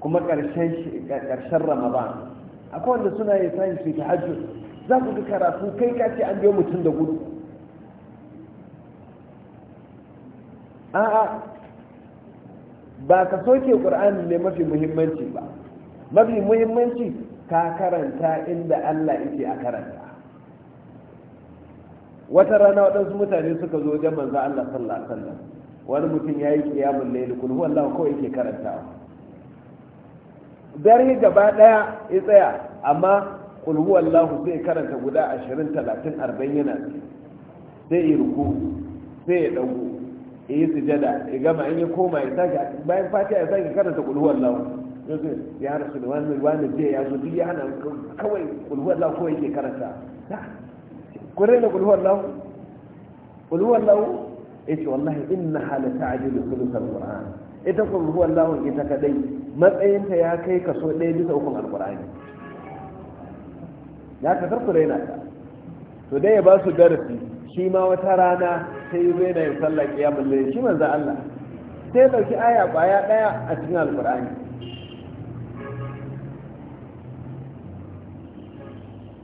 kuma karshen ramadan akwai wanda suna yi sayin su hajji za ku ga karatu kai ka ce an biyo mutum da gudu a'a ba ka soke ƙur'ani ne mafi muhimmanci ba mafi muhimmanci ka karanta inda Allah yake a karanta wata rana waɗansu mutane suka zo wajen manzo Allah sallallahu alaihi wasallam wani mutum yayi qiyamul layl kun huwa Allah ko yake karantawa dare gaba daya ya tsaya amma kul huwa Allah zai karanta guda 20 30 40 yana sai ya ruku sai ya dago ya yi sujada ya gama in yi koma ya sake bayan fatiha ya sake karanta kul huwa Allah ya ya rasu da wani wani je ya zo duk ya hana kawai kulhuwar lahu kawai ke karanta kun raina kulhuwar lahu kulhuwar lahu ya ce wallahi inna halata ajiyu sulusar qur'an ita kulhuwar lahu ita kadai matsayinta ya kai kaso ɗaya bisa ukun alqur'ani ya ka karku raina ta to dai ya ba su darasi shi ma wata rana sai zai na yin sallah kiyamul layl shi manzo Allah sai dauki aya kwaya ɗaya a cikin alqur'ani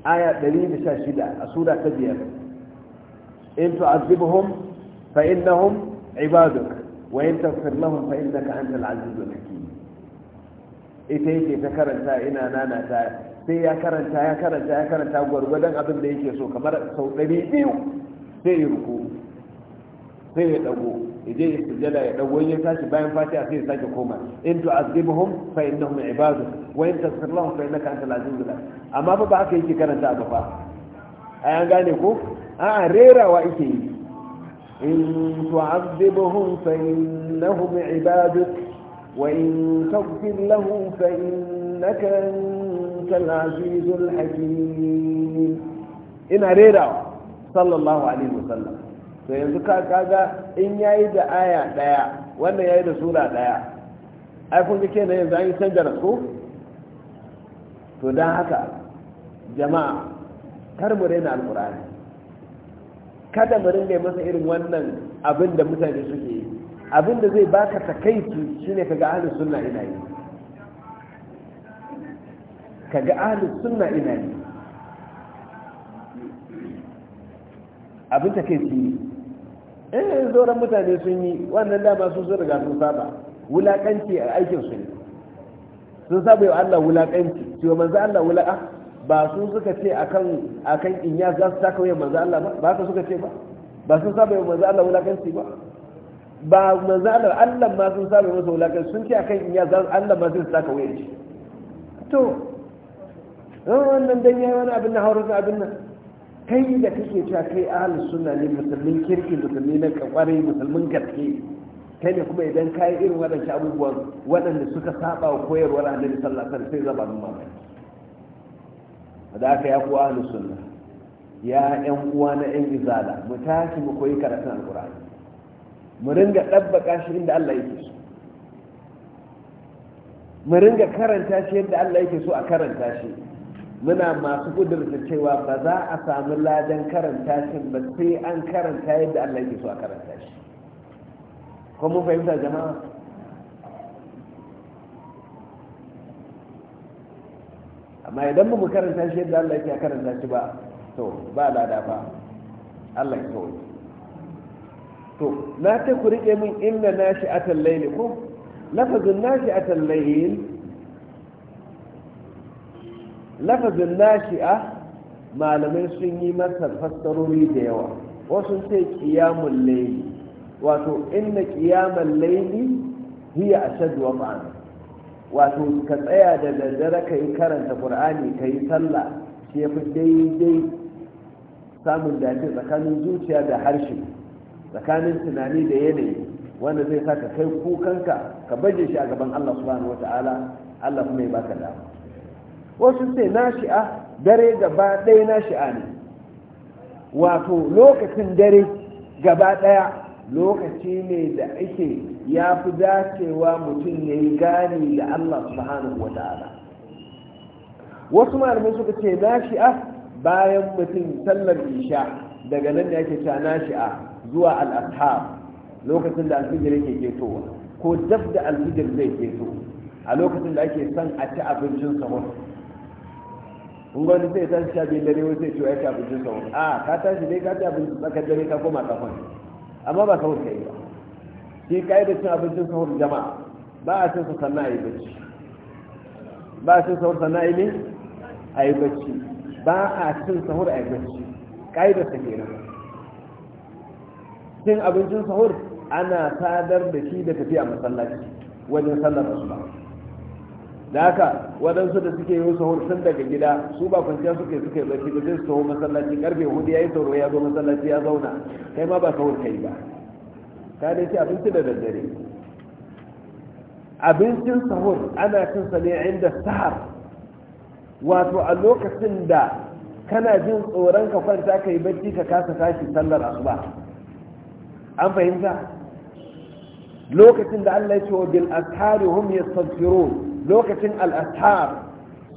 aya 116 a sura ta biyar in tu'azibhum fa innahum ibaduk wa in taghfir lahum fa innaka antal azizul hakim ita yake ta karanta ina nana ta sai ya karanta ya karanta ya karanta gwargwadon abin da yake so kamar sau 200 sai ya ruku sai ya dago yaje ya sujjada ya dago ya tashi bayan fatiha sai ya sake koma in tu'azibhum fa innahum ibadu wa in tasallahu fa innaka anta antal azizul amma fa ba haka yake karanta ba fa ai an gane ko a a'a rerawa yake yi in tu'azibhum fa innahum ibadu wa in taghfir lahum fa innaka antal azizul hakim ina rerawa sallallahu alaihi wasallam to yanzu ka kaga in yayi da aya daya wannan yayi da sura daya ai kun ke na yanzu an yi canja da su to don haka jama'a kar mu raina alqur'ani kada mu ringa masa irin wannan abin da mutane suke yi abin da zai baka takaici shine kaga ahli sunna ina yi kaga ahli sunna ina yi abin takaici ne eh sauran mutane sun yi wannan dama sun sun riga sun saba wulakanci a aikin su ne sun saba yau Allah wulakanci cewa manzo Allah wula'a ah, ba su suka ce akan akan inya za su taka wayan manzo Allah ba ba ka suka ce ba ba sun saba yau manzo Allah wulakanci ba ba manzo Allah Allah ma sun saba masa wulakanci sun ce akan inya za Allah ma zai taka wayan shi to eh, wannan dan yayi wani abin na haurin abin nan kai da kake cewa kai ahalus sunna ne musulmin kirki musulmi na kwarai musulmin gaske kai ne kuma idan kayi irin waɗancan abubuwan waɗanda suka saba wa koyarwar annabi sallallahu alaihi wasallam sai zaba min mamaki da aka ya ku ahalus sunna ya ƴan uwa na ƴan izala mu tashi mu koyi karatun alqur'ani mu ringa dabbaka shi inda Allah yake so mu ringa karanta shi yadda Allah yake so a karanta shi muna masu kudurta cewa ba za a samu ladan karanta shi ba sai an karanta yadda Allah yake so a karanta shi ko mun fahimta jama'a amma idan mu karanta shi yadda Allah yake karanta shi ba to ba lada ba Allah ya so to na ta ku rike min inna nashi atal layli ko lafazin nashi atal layli lafazin nashi'a malamai sun yi masa fassarori da yawa wasu ce kiyamun laili wato inna kiyamun laili hiya a shaduwa ma'ana wato ka tsaya da daddare ka yi karanta qur'ani ka yi sallah shi fi daidai samun dace tsakanin zuciya da harshe tsakanin tunani da yanayi wanda zai sa ka kai kukanka ka baje shi a gaban Allah subhanahu ta'ala Allah kuma ya baka dama wasu sai nashi'a dare gaba ɗaya shi'a ne wato lokacin dare gaba ɗaya lokaci ne da ake ya fi dacewa mutum ya yi gani da Allah subhanahu wa ta'ala wasu malamai suka ce nashi'a bayan mutum sallar isha daga nan da ake ta nashi'a zuwa al'adhar lokacin da alfijir yake ketowa ko dab da alfijir zai keto a lokacin da ake son a ci abincin sahur in wani sai ta sha biyun dare wani sai ce ya ci abincin sa a ka tashi dai ka ci abincin tsakar dare ka koma kafan amma ba ka yi ba shi yi da cin abincin sahur jama'a ba a cin sa sannan a yi bacci ba a cin sahur sannan a yi ne a yi bacci ba a cin sahur a yi bacci yi da ke nan cin abincin sahur ana sadar da shi da tafiya masallaci wajen sallar ba. da haka waɗansu da suke yi sahur sun daga gida su ba kwanciya suke suke bacci ba sai su masallaci karfe hudu yi sauro ya zo masallaci ya zauna kai ma ba sahur kai ba ka dai ci abinci da daddare abincin sahur ana cin sa ne inda sahar wato a lokacin da kana jin tsoron ka kwanta ka yi bacci ka kasa tashi sallar asuba an fahimta lokacin da Allah ya ce wa bil ashari yastaghfirun lokacin al'ashar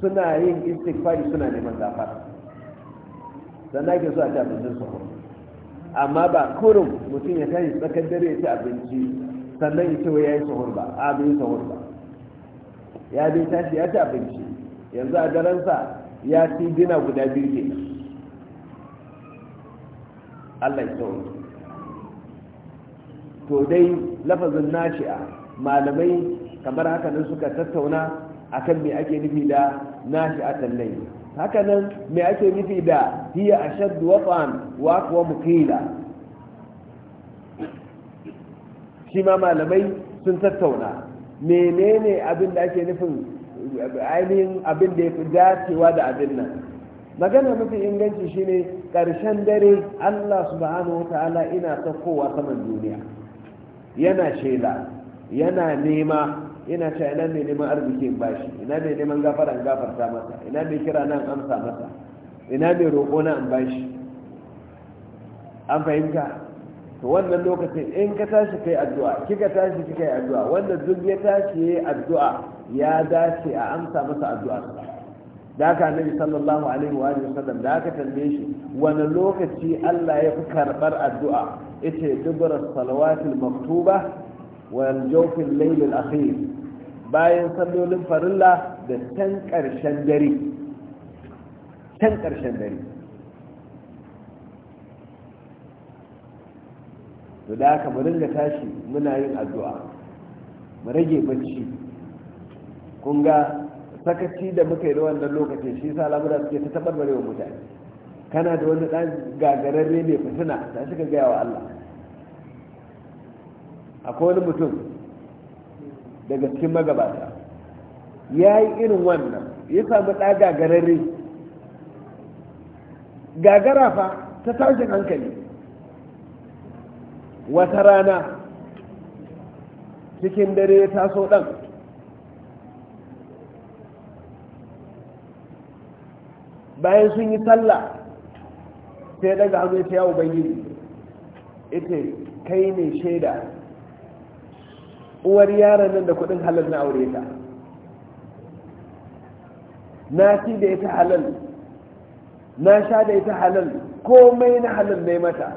suna yin istighfari suna neman zafar sannan ake zuwa ta abincin sahur amma ba kurum mutum ya kai tsakar dare ya ci abinci sannan ya ce wa ya yi suhur ba a bai suhur ba ya dai tashi ya ci abinci yanzu a daransa ya ci dina guda biyu ke Allah ya sauri to dai lafazin nashi'a malamai kamar haka nan suka tattauna akan me ake nufi da a tallai haka nan me ake nufi da hiya a wat'an wa aqwa mukila shi ma malamai sun tattauna menene abin da ake nufin ainihin abin da ya fi dacewa da abin nan magana mafi inganci shine karshen dare allah subhanahu ta'ala ina saukowa saman duniya yana shela yana nema Ina cewa ina mai neman arzikin bashi ina mai neman gafara in gafarta masa ina mai kira nan amsa masa ina mai roƙo na in bashi an fahimta to wannan lokacin in ka tashi kai addu'a kika tashi kika yi addu'a wanda duk ya tashi yayi addu'a ya dace a amsa masa addu'a da haka annabi sallallahu alaihi wa sallam da haka tambaye shi wani lokaci Allah ya fi karbar addu'a yace dubra salawatul maktuba akhir bayan sallolin farilla da tan karshen dare tan karshen dare to da aka mu ringa tashi muna yin addu'a mu rage bacci kun ga sakaci da muka yi da wannan lokacin shi sa lamura suke ta tabarbarewa mutane kana da wani dan gagararre mai fitina ta shi ka gaya wa Allah akwai wani mutum daga cikin magabata ya yi irin wannan ya samu ɗa gagararre gagara fa ta tashin hankali wata rana cikin dare ya taso ɗan bayan sun yi sallah sai daga hannu ya ce ya ubangiji ita kai ne shaida uwar yaron nan da kudin halal na aure ta na ci da ita halal na sha da ita halal komai na halal ne mata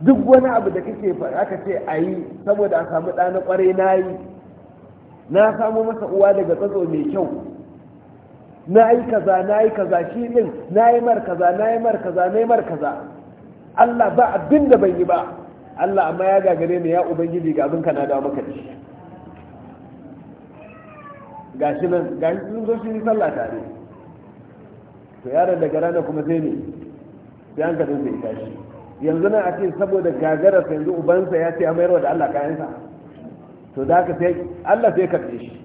duk wani abu da kake aka ce a yi saboda a samu ɗa na nayi na yi na samu masa uwa daga tsatso mai kyau na yi kaza na yi kaza shi ɗin na yi mar kaza na yi mar kaza na yi mar kaza Allah ba abin da ban yi ba Allah amma ya gagare ni ya ubangiji ga abin na dawo maka dashi gashi nan gashi sun zo shi sallah tare to yaron daga rana kuma sai ne sai an kaɗin sai tashi yanzu nan a ce saboda gagarar sa yanzu ubansa ya ce mayar da Allah kayansa to da haka sai Allah sai karɓe shi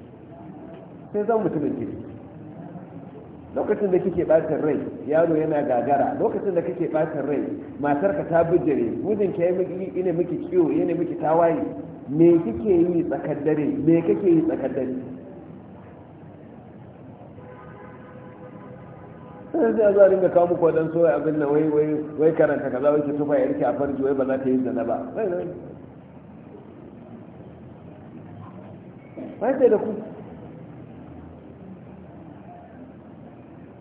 sai zan mutumin kirki lokacin da kike bacin rai yaro yana gagara lokacin da kike bacin rai matarka ta bijire mijinki ka yi miki ciwo yana miki tawaye me kike yi tsakar dare me kake yi tsakar dare sai sai zuwa dinga kawo muku wadan soya abin da wai wai wai karanta kaza wai ki tufa yarki a farji wai ba za ta yi zana ba wai sai da ku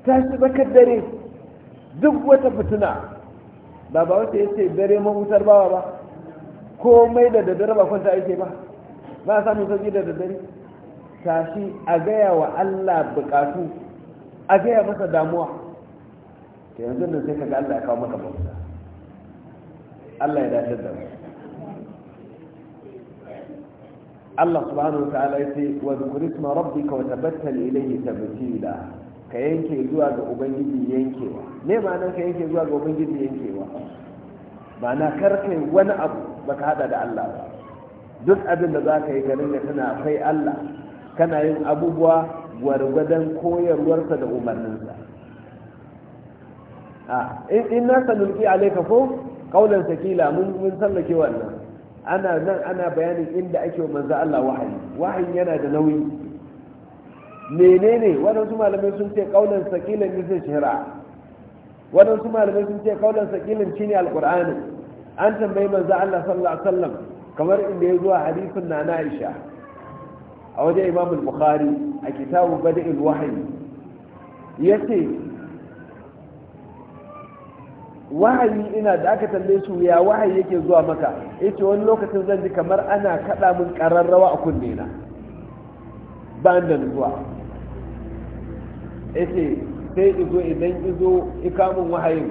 ta shi tsakar dare duk wata fituna ba ba wata ya ce dare mahutar bawa ba komai da daddare ba kwanta ake ba ba a samun sauki da daddare tashi a gaya wa Allah bukatu a gaya masa damuwa ta yanzu da sai kaga Allah ya kawo maka bauta Allah ya dace da Allah subhanahu wa ta'ala ya ce wa dhkur isma rabbika wa tabattal ilayhi tabtila ka yanke zuwa ga ubangiji yankewa me nan ka yanke zuwa ga ubangiji yankewa ba kar kai wani abu baka hada da Allah ba duk abin da za ka yi garin da tana akwai Allah kana yin abubuwa gwargwadon koyarwarsa da umarninsa a in na sanulki alaika ko kaulan sakila mun mun sallake wannan ana bayanin inda ake wa manzo Allah wahayi wahayi yana da nauyi menene waɗansu malamai sun ce kaulan sakilan bisa shira waɗansu malamai sun ce kaulan sakilan shine alqur'ani an tambayi manzo Allah sallallahu alaihi wasallam kamar inda ya zuwa hadisin na Aisha a waje Imam al-Bukhari a kitabu Bada'il Wahyi yace wahayi ina da aka tambaye su ya wahayi yake zuwa maka yace wani lokacin zan ji kamar ana kada min ƙararrawa a kunne na ba da zuwa. yake sai izo idan izo ikamun wahayin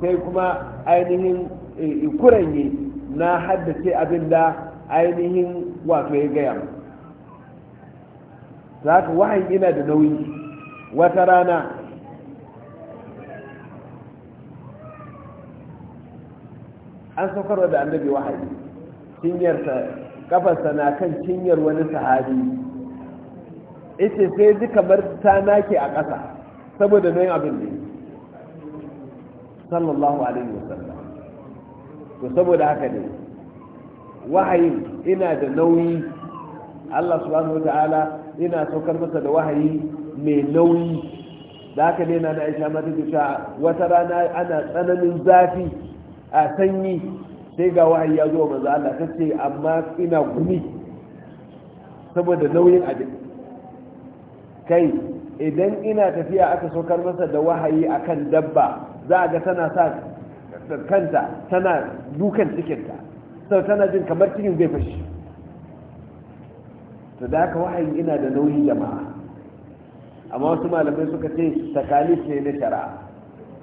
sai kuma ainihin eh, kuranye na haddace abin da ainihin wato ya gaya za ka wahayin ina da nauyi wata rana an saukarwa da annabi wahayi cinyarsa kafarsa na kan cinyar wani sahabi ita sai ji kamar ta nake a ƙasa saboda nan abin ne sallallahu alaihi wasallam to saboda haka ne wahayin ina da nauyi Allah subhanahu ta'ala ina saukar masa da wahayi mai nauyi da haka ne na Aisha mata ta wata rana ana tsananin zafi a sanyi sai ga wahayi ya zo manzo Allah ce. amma ina gumi saboda nauyin abin kai idan ina tafiya aka saukar masa da wahayi akan dabba za ga tana sa kanta tana dukan cikinta sau tana jin kamar cikin zai fashi Sadaka da wahayi ina da nauyi jama'a amma wasu malamai suka ce takalif ne na shara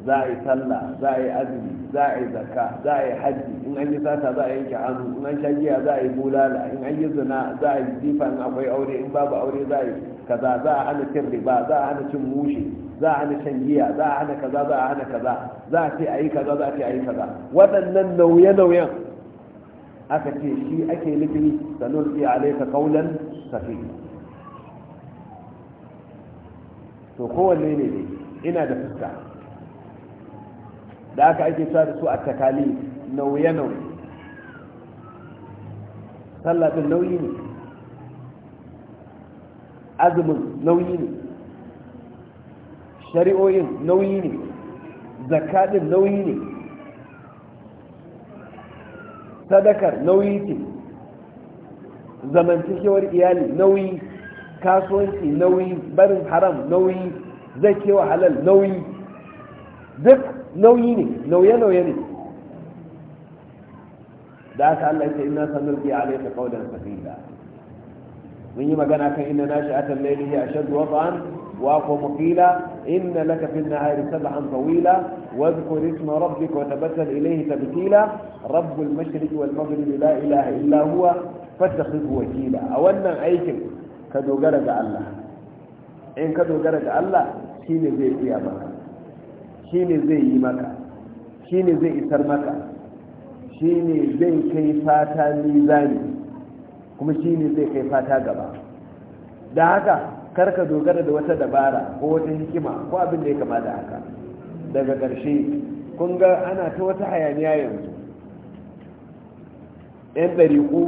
za a yi sallah za a yi azumi za a yi zakka za a yi hajji in an yi sata za a yanke hannu in an shagiya za a yi bulala in an yi zina za a yi zifa in akwai aure in babu aure za a yi kaza za a hana cin riba za a hana cin mushi za a hana shan giya za a hana kaza za a hana kaza za a ce a yi kaza za a ce a yi kaza waɗannan nauye-nauyen aka ce shi ake nufi sanurfi alaika kaulan safi to kowanne ne ne ina da fuska da aka ake sa da su a takalif nauye-nauye tallafin nauyi ne azumin nauyi ne shari'o'in nauyi ne zakadin nauyi ne sadakar nauyi ce zamantakewar iyali nauyi kasuwanci nauyi barin haram nauyi zai halal nauyi duk nauyi ne nauye-nauye ne da haka Allah ya ce inna sanulqi alayka qawlan thaqila mun yi magana kan inna nashi'atal layli a ashaddu wata'an wa aqum qila inna laka fil nahari sab'an tawila واذكر اسم ربك وتبتل إليه تبتيلا a wannan aikin a إله إلا هو فاتخذه وكيلا أولا عيك كدو قرق الله إن كدو قرق الله شين زي قيامك شين زي يمك zai isar maka. shi ne zai kai fata mizani kuma shi ne zai kai fata gaba da haka karka dogara da wata dabara ko wata hikima ko abin da ya kama da haka daga ƙarshe kun ga ana ta wata hayaniya yanzu 'yan ɗariƙu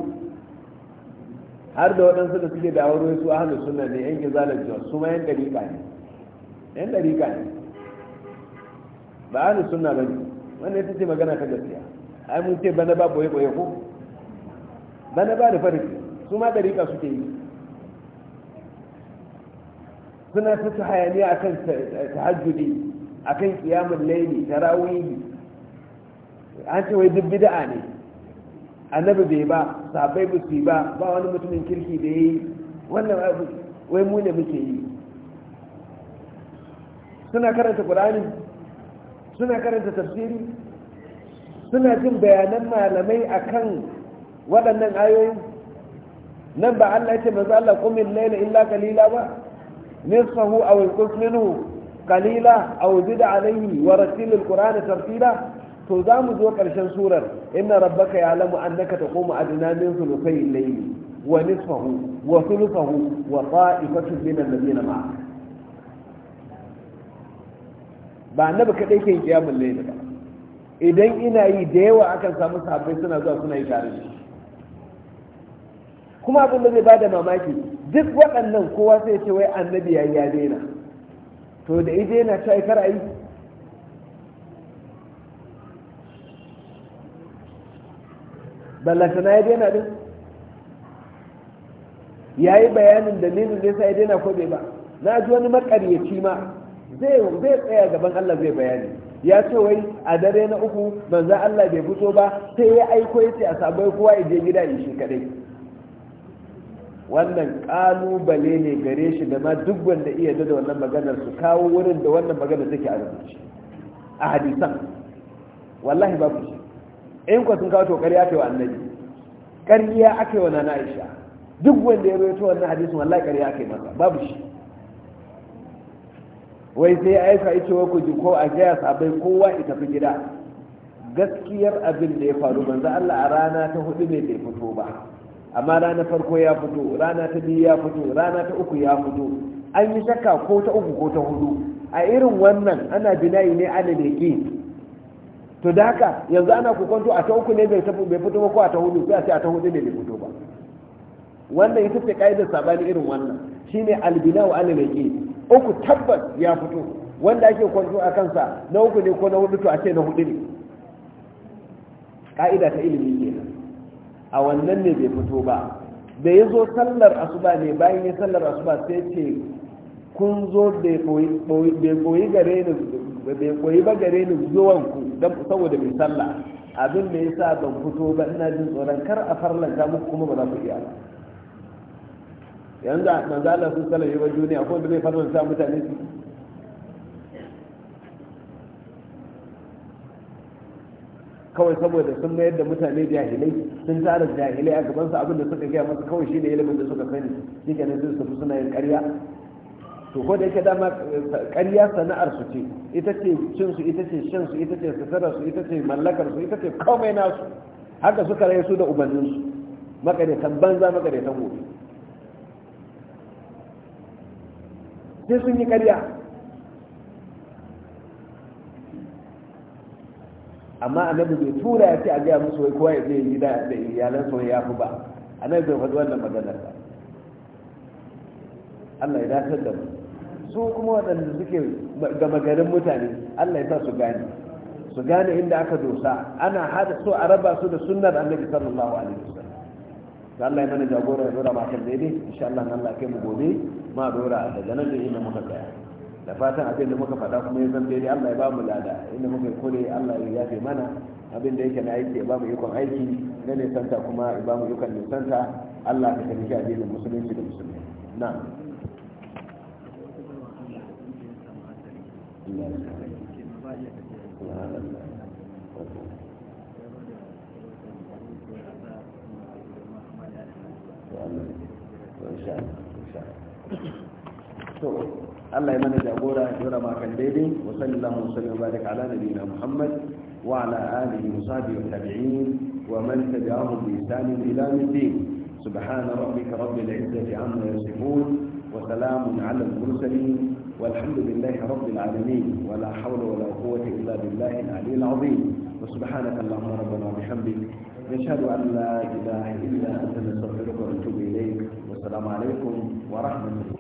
har da waɗansu da suke dawar wasu su ahalus sunna ne yan zalar jiwa su ma yan ɗariƙa ne yan ɗariƙa ne ba ahalus suna ba ne wannan ita ce magana ta gaske ai mun ce bana ba boye boye ko bana ba da farki su ma dariƙa suke yi suna ta hayaniya akan tahajjudi akan qiyamul layli tarawih an ce wai duk bid'a ne annabi bai ba sabai ba su ba ba wani mutumin kirki da yi. wannan wai mu ne muke yi suna karanta qur'ani suna karanta tafsiri suna jin bayanan malamai a kan waɗannan ayoyin nan ba Allah ce manzo Allah qumil layla illa kalila ba nisfahu a inqus minhu qalila aw zid alayhi wa ratil alqur'ana tartila to za mu zo ƙarshen surar inna rabbaka ya'lamu annaka taqumu adna min thuluthay al-layli wa nisfahu wa thuluthahu wa ta'ifatun min alladhina ma'a ba annabi kadai ke kiyamul layli ba idan ina yi da yawa akan samu sahabbai suna zuwa suna yi tare da shi kuma abin da zai da mamaki duk waɗannan kowa sai ce wai annabi ya ya daina to da ije yana ta aikar ayi na ya daina din ya yi bayanin da dalilin da ya daina ko bai ba na ji wani makaryaci ma zai tsaya gaban allah zai bayani ya ce wai a dare na uku manzan Allah bai fito ba sai ya aiko ya ce a sabai kowa ya je gida in shi kadai wannan kalubale ne gare shi da ma duk wanda iya da wannan maganar su kawo wurin da wannan maganar take a rubuce a hadisan wallahi ba ku shi in ku sun kawo to ƙarya kai wa annabi ƙarya akai wa nana aisha duk wanda ya rawaito wannan hadisin wallahi ƙarya aka yi masa babu shi wai sai aika ya cewa ku ji ko a gaya sabai kowa ita fi gida gaskiyar abin da ya faru banza Allah a rana ta hudu ne bai fito ba amma rana farko ya fito rana ta biyu ya fito rana ta uku ya fito an yi shakka ko ta uku ko ta hudu a irin wannan ana binayi ne ana leƙi to da haka yanzu ana kokonto a ta uku ne bai fito ba ko a ta hudu sai a ce a ta hudu ne bai fito ba wannan ita ce ka'idar sabani irin wannan shine albina wa alalaki uku tabbas ya fito wanda ake kwanto a kansa na uku ne ko na hudu to a ce na hudu ne ka'ida ta ilimi kenan a wannan ne bai fito ba da ya zo sallar asuba ne bayan ya sallar asuba sai ce kun zo bai koyi gare bai koyi ba gare ni zuwan ku saboda mai sallah abin da sa ban fito ba ina jin tsoron kar a farlanta muku kuma ba za ku iya ba yanzu a manzo Allah sun salame ba duniya ko da zai faranta mutane su kawai saboda sun mayar da mutane jahilai sun tara jahilai a gaban su abinda suka gaya masa kawai shine ilimin da suka sani shi ne sun su suna yin ƙarya to ko da yake dama ƙarya sana'ar su ce ita ce cin su ita ce shan su ita ce sutura su ita ce mallakar su ita ce komai nasu haka suka rayu su da ubannin su makaratan banza makaratan gobe sai sun yi karya amma annabi bai tura ya ce a gaya musu wai kowa ya zai yi da iyalansa ya fi ba annabi bai faɗi wannan maganar ba Allah ya dakatar da mu su kuma waɗanda suke ga garin mutane Allah ya sa su gane su gane inda aka dosa ana hada so a raba su da sunnar annabi sallallahu alaihi wasallam Allah ya mana jagora ya zura makan daidai insha Allah Allah kai mu gobe ma dora daga nan da inda muka tsaya da fatan abin da muka faɗa kuma ya zan daidai Allah ya ba mu lada inda muka kore Allah ya yafe mana abin da yake na aiki ya ba mu ikon aiki na nisanta kuma ya ba mu ikon nisanta Allah ka tafi addinin musulunci da musulmi na to Allah ya mana jagora ya jura makan daidai wa sallallahu wa sallam ba da kala da nuna muhammad wa ala alihi wa sahbihi wa tabi'in wa man tabi'ahu bi isanin ila muddin subhana rabbika rabbil izzati amma yasifun wa salamun ala al mursalin wa alhamdulillahi rabbil alamin wa la hawla wa la quwwata illa billahi al aliyyil azim wa subhanaka allahumma rabbana wa bihamdika nashhadu an la ilaha illa anta nastaghfiruka wa natubu ilayk wa ورحمة الله